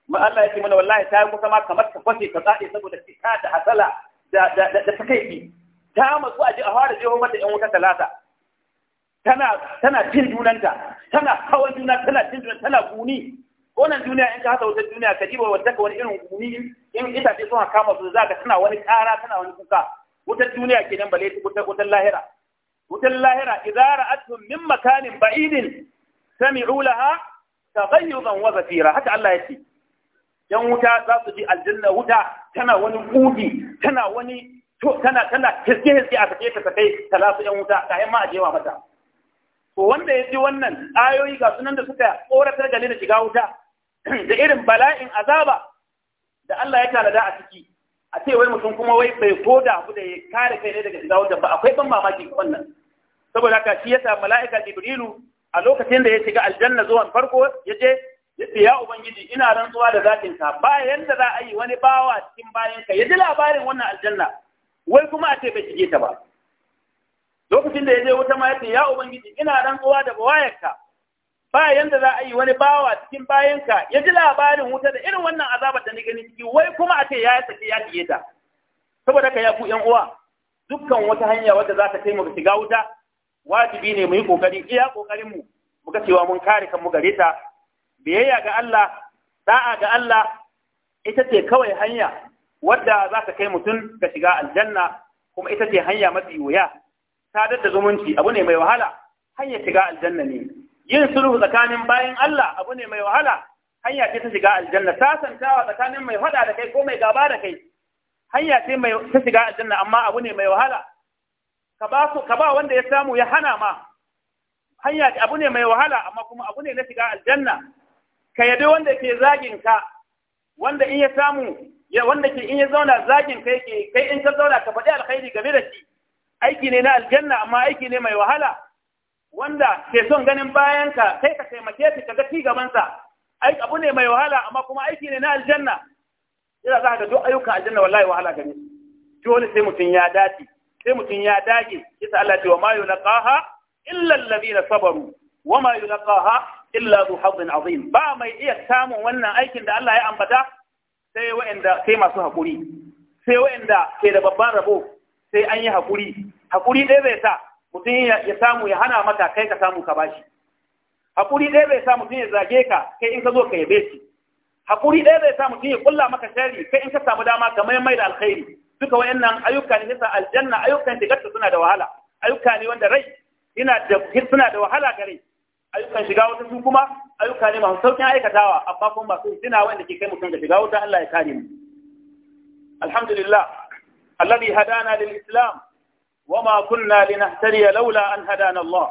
ma Allah yake mana wallahi ta yi kusa ma kamar ka kwace ka tsade saboda cika da hasala da da ta matsu a ji a fara jeho mata ƴan wuta talata tana tana cin junanta tana hawan juna tana cin juna tana guni ko duniya in ka haka wutar duniya ka diba wata ka wani irin gumi in itace suna kama su za ka tana wani ƙara tana wani kuka wutar duniya kenan bale wutar wutar lahira wutar lahira idza ra'atuhum min makanin ba'idin sami'u laha taghayyuzan wa zafira haka Allah ya ce yan wuta za su ji aljanna wuta tana wani kugi tana wani to tana tana hiske hiske a take ta kai lasu yan wuta kayan yamma a jewa mata to wanda ya ji wannan ayoyi ga sunan da suka tsoratar gane da shiga wuta <clears throat> da irin bala'in azaba da Allah ya tanada a ciki a ce wai mutum kuma wai bai koda ku da ya kare kai ne daga shiga da ba akwai ban mamaki wannan saboda ka shi yasa mala'ika jibrilu a lokacin da ya shiga aljanna zuwan farko ya je ya ce ya ubangiji ina rantsuwa da zakin ka ba yanda za a yi wani bawa cikin bayan ka ya ji labarin wannan aljanna wai kuma a ce bai shige ta ba lokacin da ya je wuta ma ya ce ya ubangiji ina rantsuwa da bawayarka ba yanda za a yi wani bawa cikin bayanka ya ji labarin wuta da irin wannan azabar da ni gani ciki wai kuma a ce ya sake ya fiye ta saboda ka ya ku yan uwa dukkan wata hanya wadda za ta kai mu shiga wuta wajibi ne mu yi kokari iya kokarin mu ga cewa mun kare kanmu gare ta biyayya ga Allah da'a ga Allah ita ce kawai hanya wadda za ta kai mutum ga shiga aljanna kuma ita ce hanya mafi wuya sadar da zumunci abu ne mai wahala hanyar shiga aljanna ne yin sulhu tsakanin bayan Allah abu ne mai wahala hanya ce ta shiga aljanna sasantawa tsakanin mai faɗa da kai ko mai gaba da kai hanya ce mai ta shiga aljanna amma abu ne mai wahala ka ba su ka ba wanda ya samu ya hana ma hanya ce abu ne mai wahala amma kuma abu ne na shiga aljanna ka yabi wanda ke zagin ka wanda in ya samu ya wanda ke in ya zauna zagin kai ke kai in ka zauna ka faɗi alkhairi game da shi aiki ne na aljanna amma aiki ne mai wahala wanda ke son ganin bayanka kai ka taimake shi ka ga ci gabansa ai abu ne mai wahala amma kuma aiki ne na aljanna ina za ka duk ayyukan aljanna wallahi wahala gare su dole sai mutum ya dace sai mutum ya dage yasa Allah ce wa ma yulqaha illa alladhina sabaru wa ma yulqaha illa dhu hadin azim ba mai iya samun wannan aikin da Allah ya ambata sai sai masu hakuri sai wa'anda ke da babban rabo sai an yi hakuri hakuri dai zai sa mutum ya samu ya hana maka kai ka samu ka bashi hakuri ɗaya bai sa mutum ya zage ka kai in ka zo ka yabe shi hakuri ɗaya bai sa mutum ya kulla maka shari kai in ka samu dama ka mai da alkhairi duka wayannan ayyuka ne nisa aljanna ayyukan da gatta suna da wahala ayyuka ne wanda rai yana da suna da wahala ga rai ayyukan shiga wata su kuma ayyuka ne masu saukin aikatawa amma kuma masu suna wanda ke kai mutum ga shiga wata Allah ya kare mu alhamdulillah alladhi hadana lil islam وما كنا لنهتدي لولا أن هدانا الله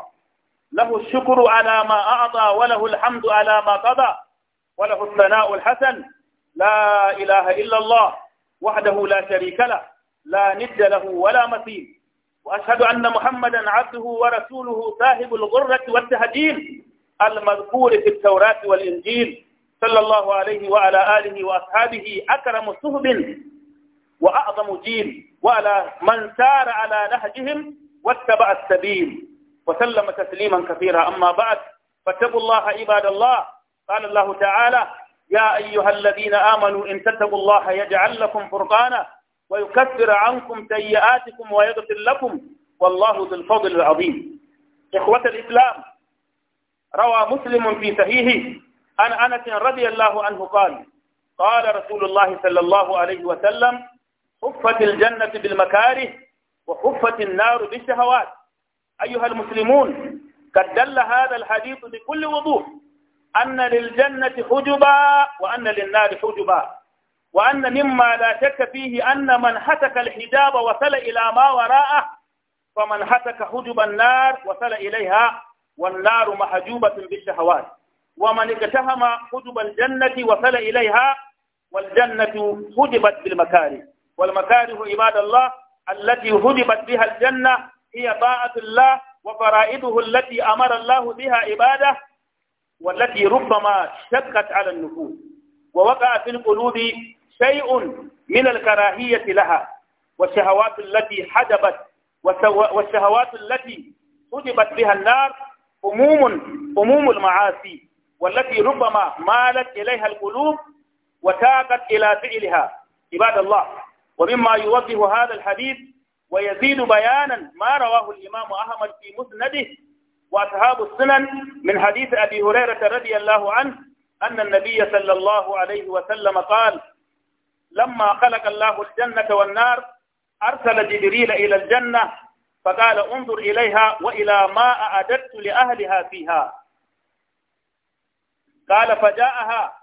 له الشكر على ما أعطى وله الحمد على ما قضى وله الثناء الحسن لا إله إلا الله وحده لا شريك له لا ند له ولا مثيل وأشهد أن محمدا عبده ورسوله صاحب الغرة والتهجير المذكور في التوراة والإنجيل صلى الله عليه وعلى آله وأصحابه أكرم صهب وأعظم جيل وعلى من سار على نهجهم واتبع السبيل وسلم تسليما كثيرا أما بعد فاتقوا الله عباد الله قال الله تعالى يا أيها الذين آمنوا إن تتقوا الله يجعل لكم فرقانا ويكفر عنكم سيئاتكم ويغفر لكم والله ذو الفضل العظيم إخوة الإسلام روى مسلم في صحيحه عن أنس رضي الله عنه قال قال رسول الله صلى الله عليه وسلم حفت الجنة بالمكاره وحفت النار بالشهوات أيها المسلمون قد دل هذا الحديث بكل وضوح أن للجنة حجبا وأن للنار حجبا وأن مما لا شك فيه أن من هتك الحجاب وصل إلى ما وراءه فمن هتك حجب النار وصل إليها والنار محجوبة بالشهوات ومن اقتهم حجب الجنة وصل إليها والجنة حجبت بالمكاره والمكاره عباد الله التي هدبت بها الجنة هي طاعة الله وفرائده التي أمر الله بها عباده والتي ربما شكت على النفوس ووقع في القلوب شيء من الكراهية لها والشهوات التي حجبت والشهوات التي حجبت بها النار هموم هموم المعاصي والتي ربما مالت إليها القلوب وتاقت إلى فعلها عباد الله ومما يوضح هذا الحديث ويزيد بيانا ما رواه الإمام أحمد في مسنده وأصحاب السنن من حديث أبي هريرة رضي الله عنه أن النبي صلى الله عليه وسلم قال لما خلق الله الجنة والنار أرسل جبريل إلى الجنة فقال انظر إليها وإلى ما أعددت لأهلها فيها قال فجاءها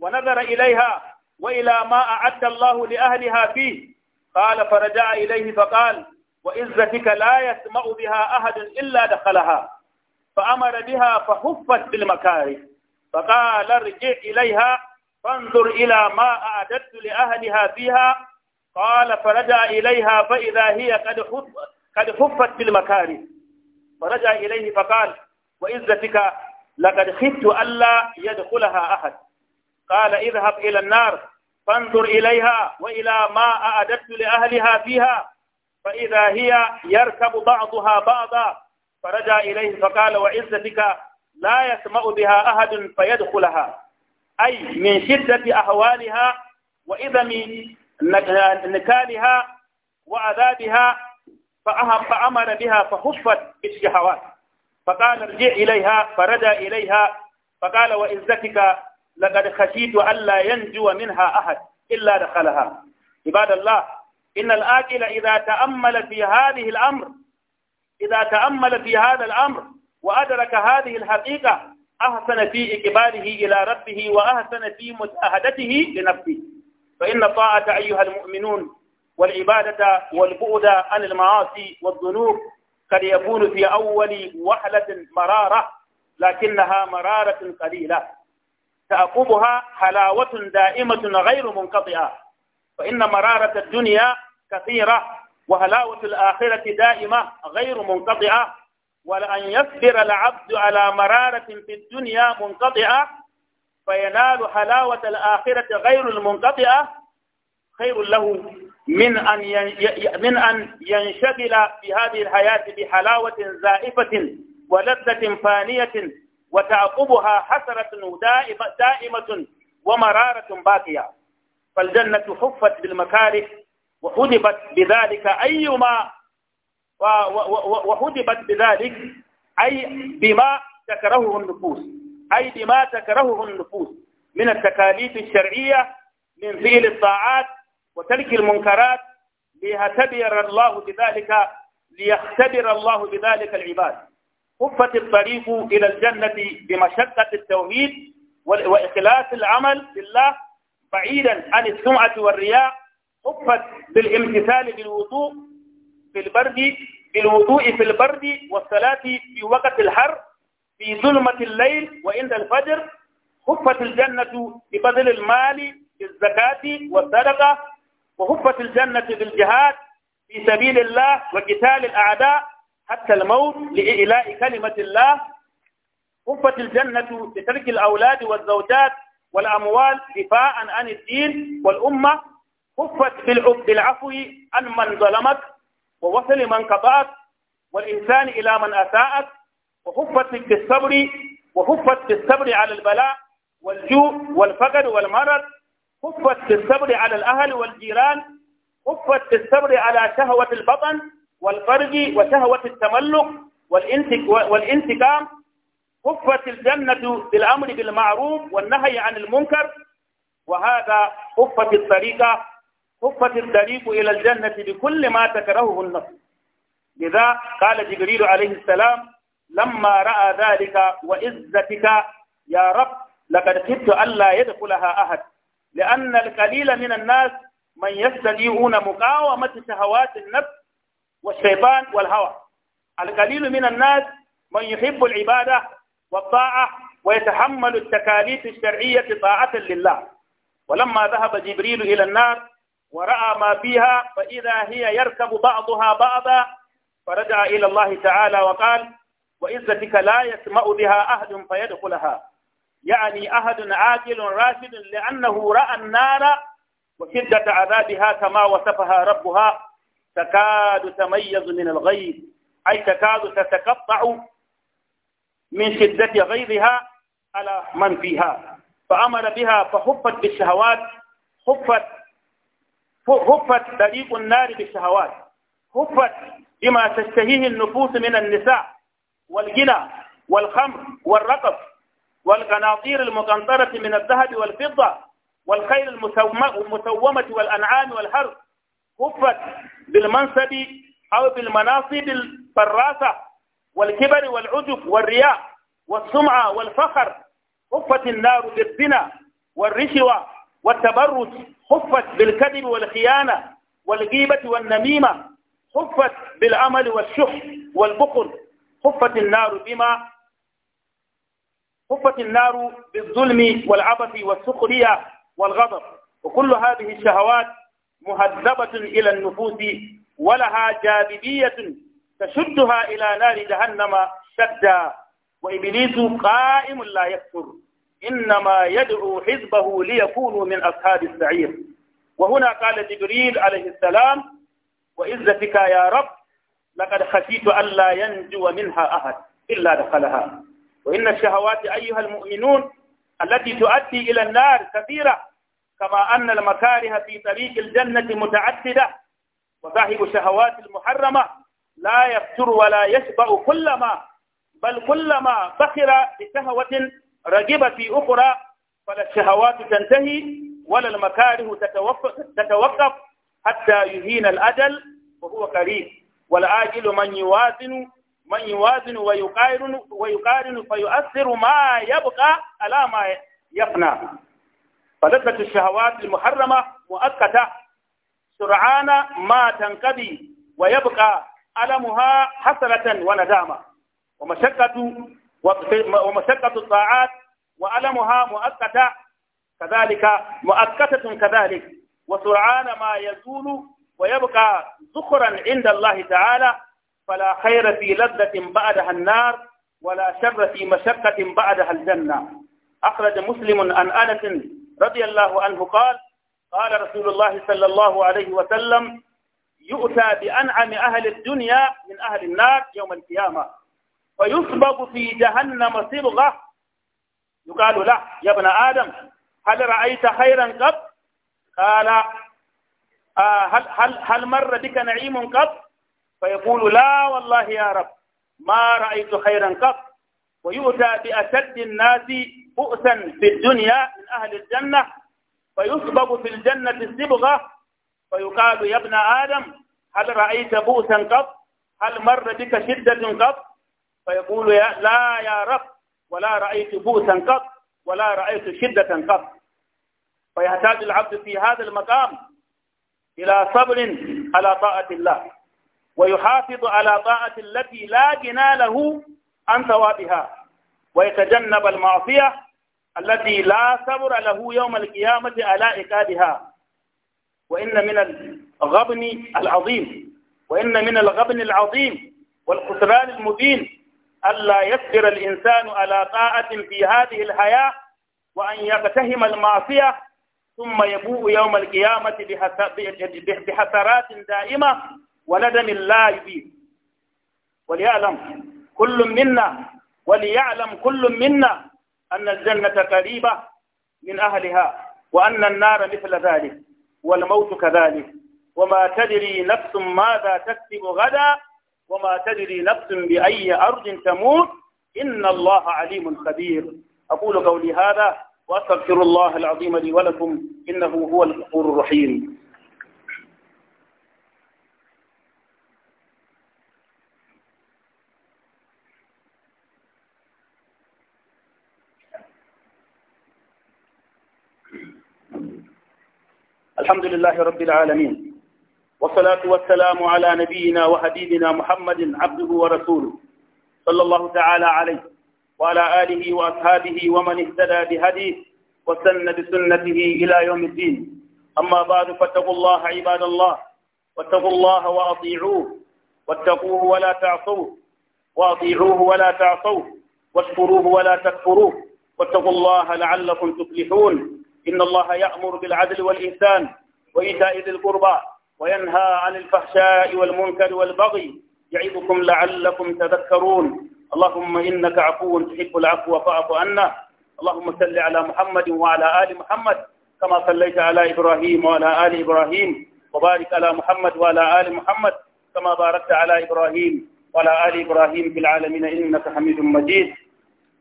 ونظر إليها وإلى ما أعد الله لأهلها فيه قال فرجع إليه فقال وإزتك لا يسمع بها أحد إلا دخلها فأمر بها فحفت بالمكاره فقال ارجع إليها فانظر إلى ما أعددت لأهلها فيها قال فرجع إليها فإذا هي قد حفت قد حفت بالمكاره فرجع إليه فقال وإزتك لقد خفت ألا يدخلها أحد قال اذهب إلى النار فانظر إليها وإلى ما أعددت لأهلها فيها فإذا هي يركب بعضها بعضا فرجع إليه فقال وعزتك لا يسمع بها أحد فيدخلها أي من شدة أهوالها وإذا من نكالها وعذابها فأمر بها فخفت بالشهوات فقال ارجع إليها فرجع إليها فقال وإزتك لقد خشيت ألا ينجو منها أحد إلا دخلها عباد الله إن الآكل إذا تأمل في هذه الأمر إذا تأمل في هذا الأمر وأدرك هذه الحقيقة أحسن في إقباله إلى ربه وأحسن في مشاهدته لنفسه فإن الطاعة أيها المؤمنون والعبادة والبعد عن المعاصي والذنوب قد يكون في أول وحلة مرارة لكنها مرارة قليلة تعقبها حلاوة دائمة غير منقطعة فإن مرارة الدنيا كثيرة وهلاوة الآخرة دائمة غير منقطعة ولأن يصبر العبد على مرارة في الدنيا منقطعة فينال حلاوة الآخرة غير المنقطعة خير له من أن من أن ينشغل في هذه الحياة بحلاوة زائفة ولذة فانية وتعقبها حسرة دائمة, دائمة ومرارة باقية فالجنة حفت بالمكاره وحجبت بذلك أيما وحجبت بذلك أي بما تكرهه النفوس أي بما تكرهه النفوس من التكاليف الشرعية من فعل الطاعات وترك المنكرات ليختبر الله بذلك ليختبر الله بذلك العباد خفت الطريق إلى الجنة بمشقة التوحيد وإخلاص العمل لله بعيدا عن السمعة والرياء خفت بالامتثال بالوضوء في البرد بالوضوء في البرد والصلاة في وقت الحر في ظلمة الليل وعند الفجر خفت الجنة ببذل المال بالزكاة والصدقة وخفت الجنة بالجهاد في سبيل الله وقتال الأعداء حتى الموت لإعلاء كلمة الله وفت الجنة بترك الأولاد والزوجات والأموال دفاعا عن الدين والأمة وفت بالعفو عن من ظلمك ووصل من قضاك والإنسان إلى من أساءك وخفت بالصبر وخفت بالصبر على البلاء والجوع والفقر والمرض خفت بالصبر على الأهل والجيران خفت بالصبر على شهوة البطن والفرج وشهوة التملك والانتقام كفت الجنة بالأمر بالمعروف والنهي عن المنكر وهذا كفت الطريقة كفت الطريق إلى الجنة بكل ما تكرهه النفس لذا قال جبريل عليه السلام لما رأى ذلك وإزتك يا رب لقد خفت ألا يدخلها أحد لأن القليل من الناس من يستطيعون مقاومة شهوات النفس والشيطان والهوى القليل من الناس من يحب العبادة والطاعة ويتحمل التكاليف الشرعية طاعة لله ولما ذهب جبريل إلى النار ورأى ما فيها فإذا هي يركب بعضها بعضا فرجع إلى الله تعالى وقال وإذتك لا يسمع بها أحد فيدخلها يعني أحد عاقل راشد لأنه رأى النار وشدة عذابها كما وصفها ربها تكاد تميز من الغيظ أي تكاد تتقطع من شدة غيظها على من فيها فأمر بها فحفت بالشهوات حفت حفت طريق النار بالشهوات حفت بما تشتهيه النفوس من النساء والغنى والخمر والرقص والقناطير المقنطرة من الذهب والفضة والخيل المسومة والأنعام والحرث كفت بالمنصب أو بالمناصب الفراسة والكبر والعجب والرياء والسمعة والفخر خفت النار بالزنا والرشوة والتبرج خفت بالكذب والخيانة والغيبة والنميمة خفت بالأمل والشح والبخل خفت النار بما خفت النار بالظلم والعبث والسخرية والغضب وكل هذه الشهوات مهذبة إلى النفوس ولها جاذبية تشدها إلى نار جهنم شدا وإبليس قائم لا يكفر إنما يدعو حزبه ليكونوا من أصحاب السعير وهنا قال جبريل عليه السلام وإزتك يا رب لقد خشيت ألا ينجو منها أحد إلا دخلها وإن الشهوات أيها المؤمنون التي تؤدي إلى النار كثيرة كما أن المكاره في طريق الجنة متعددة وصاحب الشهوات المحرمة لا يفتر ولا يشبع كلما بل كلما فخر بشهوة رجب في أخرى فلا الشهوات تنتهي ولا المكاره تتوقف حتى يهين الأجل وهو قريب والعاجل من يوازن من يوازن ويقارن ويقارن فيؤثر ما يبقى على ما يفنى فلذة الشهوات المحرمة مؤقتة سرعان ما تنقضي ويبقى ألمها حسرة وندامة ومشقة ومشقة الطاعات وألمها مؤقتة كذلك مؤقتة كذلك وسرعان ما يزول ويبقى ذخرا عند الله تعالى فلا خير في لذة بعدها النار ولا شر في مشقة بعدها الجنة أخرج مسلم عن أنس رضي الله عنه قال قال رسول الله صلى الله عليه وسلم يؤتى بأنعم أهل الدنيا من أهل النار يوم القيامة فيصبغ في جهنم صبغة يقال له يا ابن آدم هل رأيت خيرا قط قال آه هل, هل, هل مر بك نعيم قط فيقول لا والله يا رب ما رأيت خيرا قط ويؤتى بأشد الناس بؤسا في الدنيا من أهل الجنة فيصبغ في الجنة الصبغة فيقال يا ابن آدم هل رأيت بؤسا قط هل مر بك شدة قط فيقول يا لا يا رب ولا رأيت بؤسا قط ولا رأيت شدة قط فيحتاج العبد في هذا المقام إلى صبر على طاعة الله ويحافظ على طاعة التي لا جنى له عن ثوابها ويتجنب المعصية التي لا صبر له يوم القيامة على إكادها وإن من الغبن العظيم وإن من الغبن العظيم والخسران المبين ألا يقدر الإنسان على طاعة في هذه الحياة وأن يقتهم المعصية ثم يبوء يوم القيامة بحسرات دائمة وندم لا يبيه وليعلم كل منا وليعلم كل منا أن الجنة قريبة من أهلها وأن النار مثل ذلك والموت كذلك وما تدري نفس ماذا تكسب غدا وما تدري نفس بأي أرض تموت إن الله عليم خبير أقول قولي هذا وأستغفر الله العظيم لي ولكم إنه هو الغفور الرحيم الحمد لله رب العالمين والصلاة والسلام على نبينا وحبيبنا محمد عبده ورسوله صلى الله تعالى عليه وعلى آله وأصحابه ومن اهتدى بهديه وسن بسنته إلى يوم الدين أما بعد فاتقوا الله عباد الله واتقوا الله وأطيعوه واتقوه ولا تعصوه وأطيعوه ولا تعصوه واشكروه ولا تكفروه واتقوا الله لعلكم تفلحون إن الله يأمر بالعدل والإحسان وإيتاء ذي القربى وينهى عن الفحشاء والمنكر والبغي يعظكم لعلكم تذكرون اللهم إنك عفو تحب العفو فاعف عنا اللهم صل على محمد وعلى آل محمد كما صليت على إبراهيم وعلى آل إبراهيم وبارك على محمد وعلى آل محمد كما باركت على إبراهيم وعلى آل إبراهيم في العالمين إنك حميد مجيد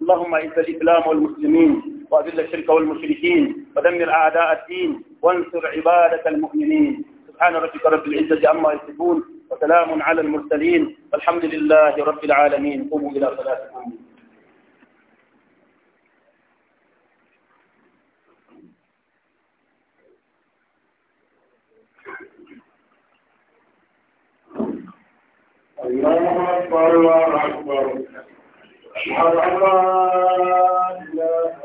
اللهم اعز الإسلام والمسلمين وأذل الشرك والمشركين ودمر أعداء الدين وانصر عبادك المؤمنين سبحان ربك رب العزة عما يصفون وسلام على المرسلين والحمد لله رب العالمين قوموا إلى صلاتكم الله أكبر الله أكبر أشهد أن لا إله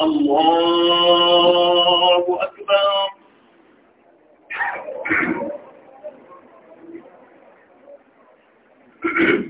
الله أكبر Thank you.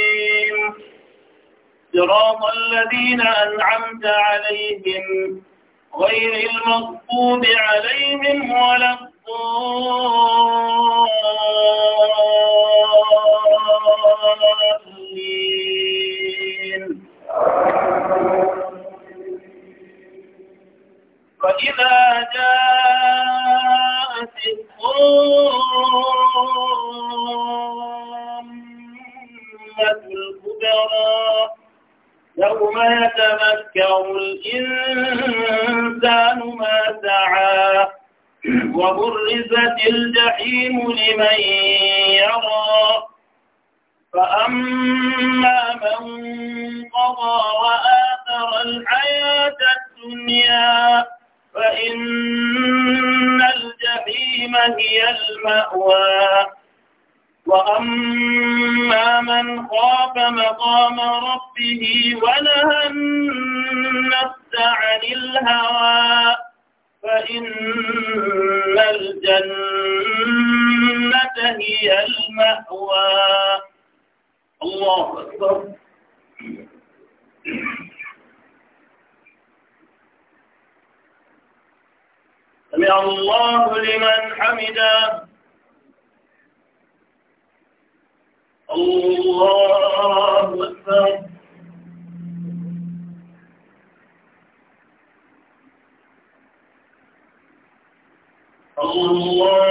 صراط الذين أنعمت عليهم غير المغضوب عليهم ولا الضالين فإذا جاءت الضالة الكبرى يوم يتذكر الإنسان ما سعى وبرزت الجحيم لمن يرى فأما من قضى وآثر الحياة الدنيا فإن الجحيم هي المأوى وأما من خاف مقام ربه ونهى النفس عن الهوى فإن الجنة هي المأوى الله أكبر سمع الله لمن حمده Allah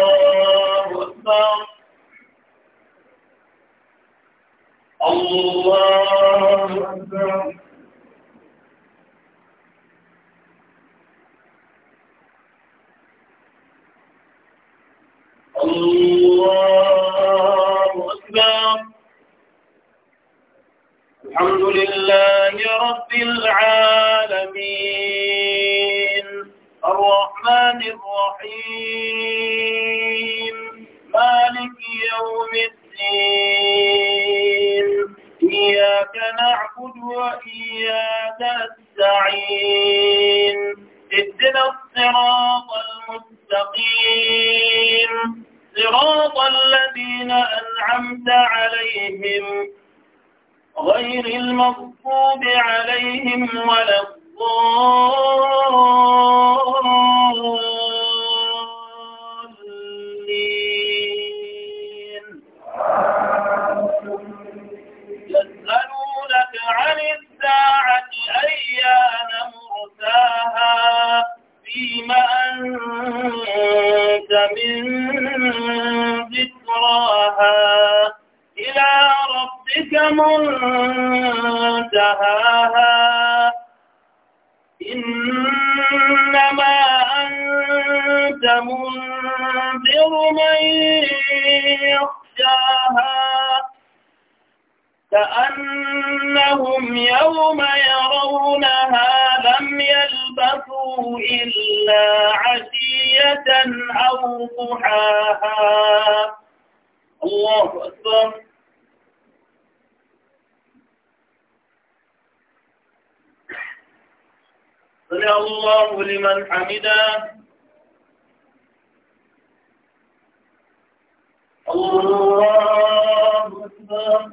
إلا عشية أو ضحاها الله أكبر صلى الله لمن حمده الله أكبر